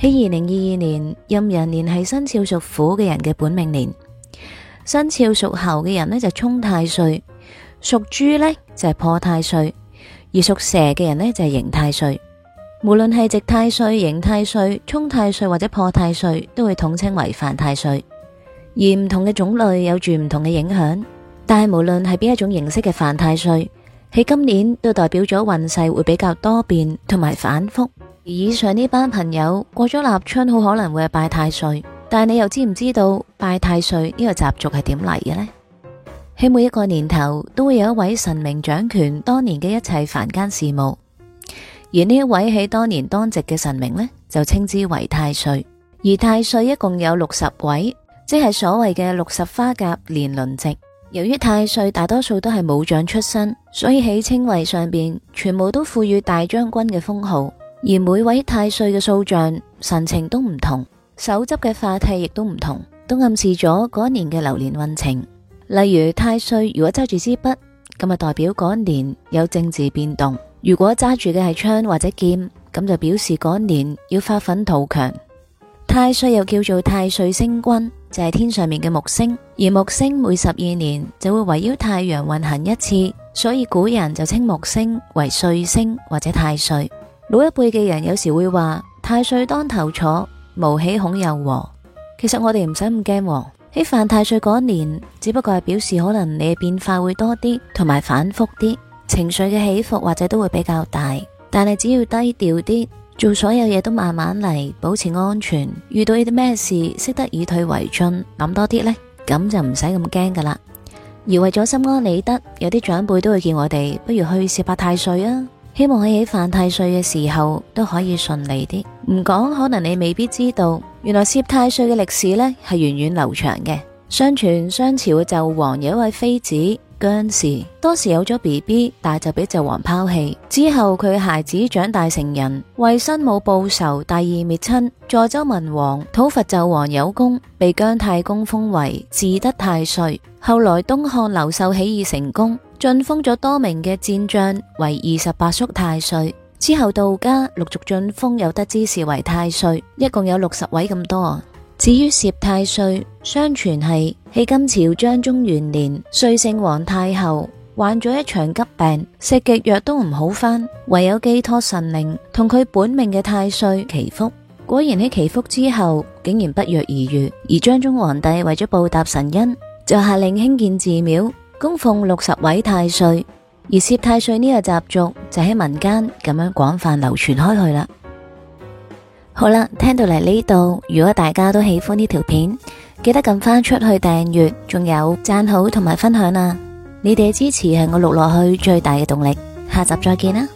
喺二零二二年，壬寅年係生肖屬虎嘅人嘅本命年，生肖屬猴嘅人呢，就是、沖太歲，屬豬呢，就係、是、破太歲，而屬蛇嘅人呢，就係、是、刑太歲。無論係值太歲、刑太歲、沖太歲或者破太歲，都會統稱為犯太歲。而唔同嘅種類有住唔同嘅影響，但係無論係邊一種形式嘅犯太歲，喺今年都代表咗運勢會比較多變同埋反覆。以上呢班朋友過咗立春，好可能會係拜太歲，但係你又知唔知道拜太歲呢個習俗係點嚟嘅咧？喺每一個年頭都會有一位神明掌權，當年嘅一切凡間事務。而呢一位喺當年當值嘅神明咧，就稱之為太歲。而太歲一共有六十位，即係所謂嘅六十花甲年輪值。由於太歲大多數都係武將出身，所以喺稱謂上邊全部都賦予大將軍嘅封號。而每位太歲嘅塑像神情都唔同，手執嘅法器亦都唔同，都暗示咗嗰一年嘅流年運程。例如太歲如果揸住支筆，咁啊代表嗰一年有政治變動；如果揸住嘅係槍或者劍，咁就表示嗰一年要發奮圖強。太歲又叫做太歲星君，就係、是、天上面嘅木星，而木星每十二年就會圍繞太陽運行一次，所以古人就稱木星為歲星或者太歲。老一輩嘅人有時會話太歲當頭坐，無喜恐有禍。其實我哋唔使咁驚喎。喺犯太歲嗰年，只不過係表示可能你嘅變化會多啲，同埋反複啲情緒嘅起伏，或者都會比較大。但係只要低調啲，做所有嘢都慢慢嚟，保持安全。遇到啲咩事，識得以退為進，諗多啲呢，咁就唔使咁驚噶啦。而為咗心安理得，有啲長輩都會建議我哋，不如去試下太歲啊。希望你喺犯太歲嘅時候都可以順利啲。唔講，可能你未必知道，原來攝太歲嘅歷史呢係源遠流長嘅。相傳商朝嘅紂王有一位妃子姜氏，當時有咗 BB，但就被紂王拋棄。之後佢嘅孩子長大成人，為生母報仇，大義滅親，助周文王討伐紂王有功，被姜太公封為智德太歲。後來東漢劉秀起義成功。晉封咗多名嘅戰將為二十八宿太歲，之後道家陸續晉封有德之士為太歲，一共有六十位咁多。至於攝太歲，相傳係喺金朝章宗元年，瑞聖皇太後患咗一場急病，食極藥都唔好返，唯有寄託神靈同佢本命嘅太歲祈福。果然喺祈福之後，竟然不藥而愈。而章宗皇帝為咗報答神恩，就下令興建寺廟。供奉六十位太歲，而攝太歲呢個習俗就喺民間咁樣廣泛流傳開去啦。好啦，聽到嚟呢度，如果大家都喜歡呢條片，記得撳翻出去訂閱，仲有讚好同埋分享啊！你哋嘅支持係我錄落去最大嘅動力，下集再見啦。